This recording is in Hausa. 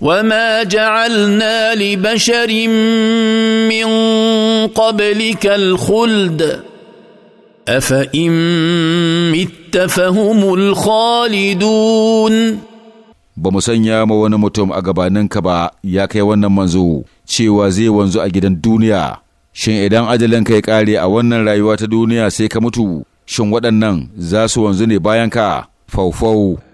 وما جعلنا لبشر من قبلك الخلد افان مت فهم الخالدون ba mu sanya ma wani mutum a gabaninka ba ya kai wannan manzo cewa zai wanzu a gidan duniya shin idan ajalinka ya kare a wannan rayuwa ta duniya sai ka mutu shin waɗannan za su wanzu ne bayan ka faufau